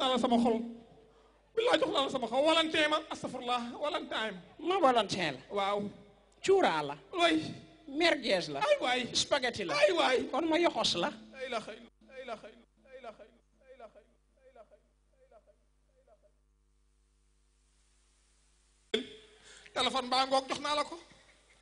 naa la sama xol billaay ma astafurlah walanteen la waaw cuuraa la la ay waay spaghetti la kon ma yoxos la ay baa ngoog jox naa la ko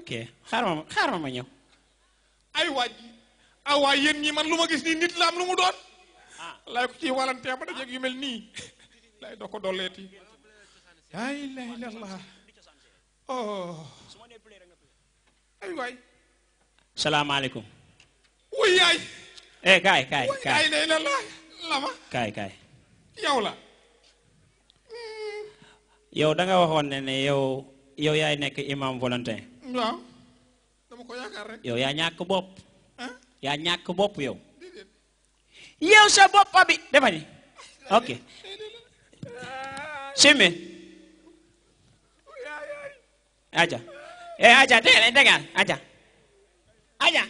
ok xaaral ma ma ñëw ay waaj awaay yéen lu ma gis nii nit la lu mu doon laay ko ciy walantee ba dajeeg yu mel nii laay doo dolleeti laa ilaha illallah oh. ay waay salaamaaleykum wuy yaay eh kaay kaay kaay la illallah lama waxoon ne ne yow yow yaay nekk imam volontaire waaw dama ko yaakaar rek yow yaa ñàkk yow yow sa boppa bi dafa ni ok simmi aja eh aja dégg nga aja aja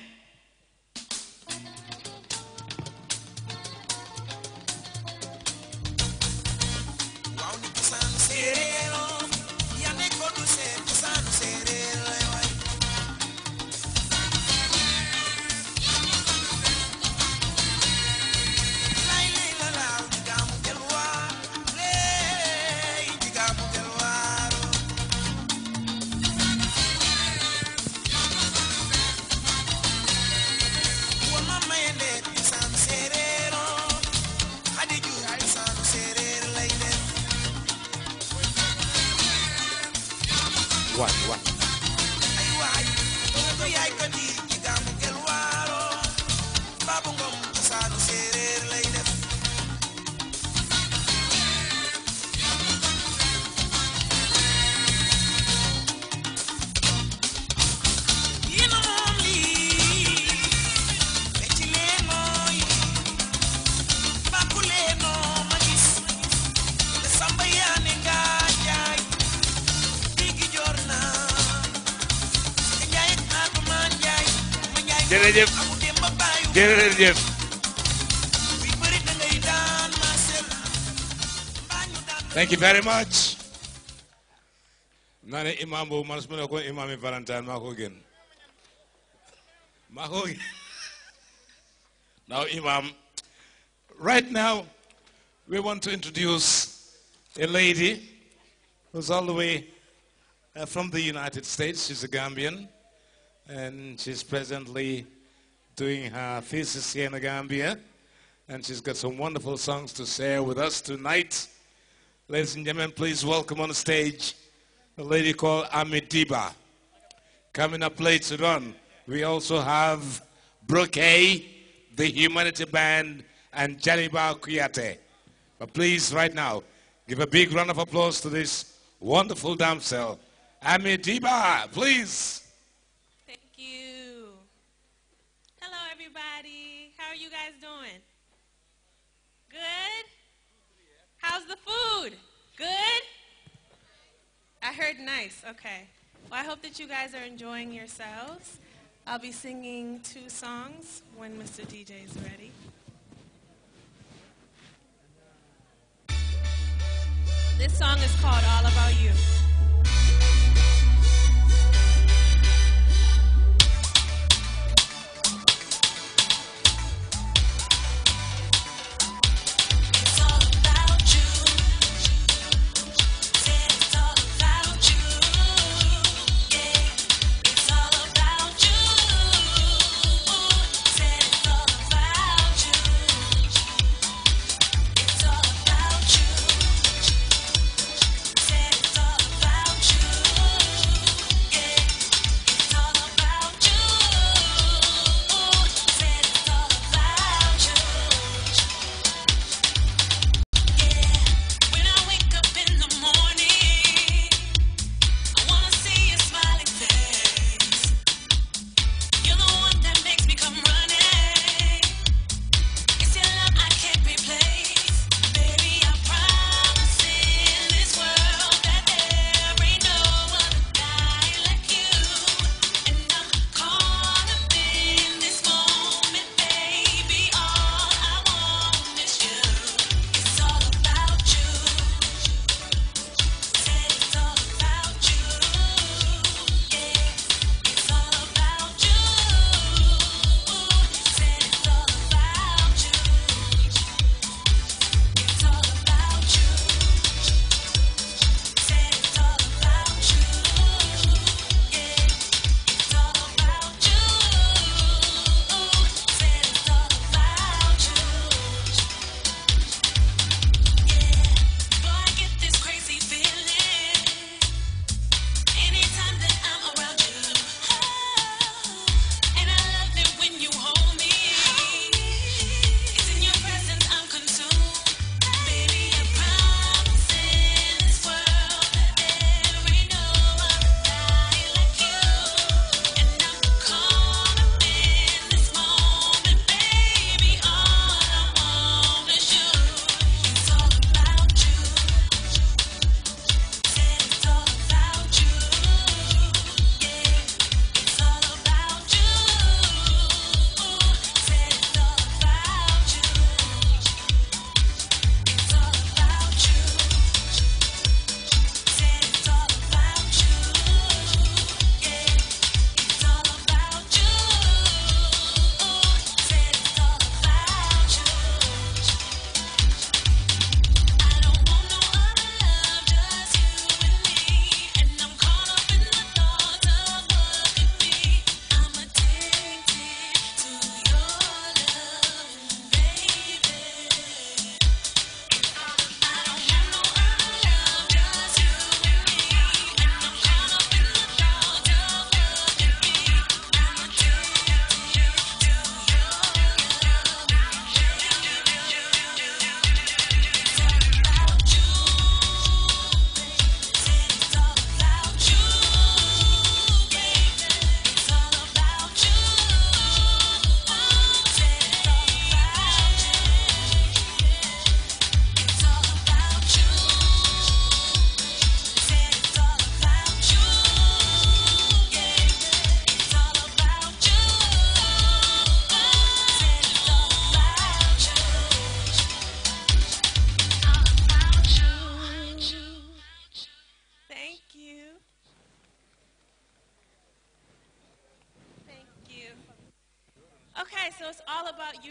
Get jërëjëf jërëjëf. thank you very much. naa ne imaam boobu man Valentine maa ko now imam right now we want to introduce a lady who's all the way uh, from the United States. She's a Gambian, and she's presently doing her thesis here in the Gambia. And she's got some wonderful songs to share with us tonight. Ladies and gentlemen, please welcome on stage a lady called Amidiba. Coming up later on, we also have Brooke the Humanity Band, and Jaliba Kuyate. But please, right now, give a big round of applause to this wonderful damsel, Amidiba, please. everybody. How are you guys doing? Good? How's the food? Good? I heard nice. Okay. Well, I hope that you guys are enjoying yourselves. I'll be singing two songs when Mr. DJ is ready. This song is called All About You.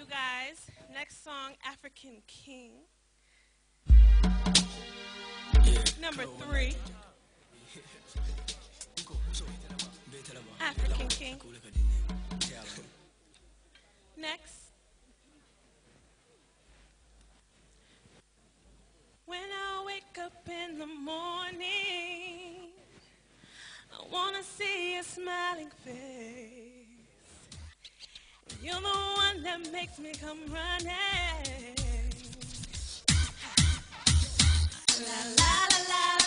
guys. Next song, African King. Number three. African King. Next. When I wake up in the morning, I want to see a smiling face. You're the one that makes me come running. La la la la.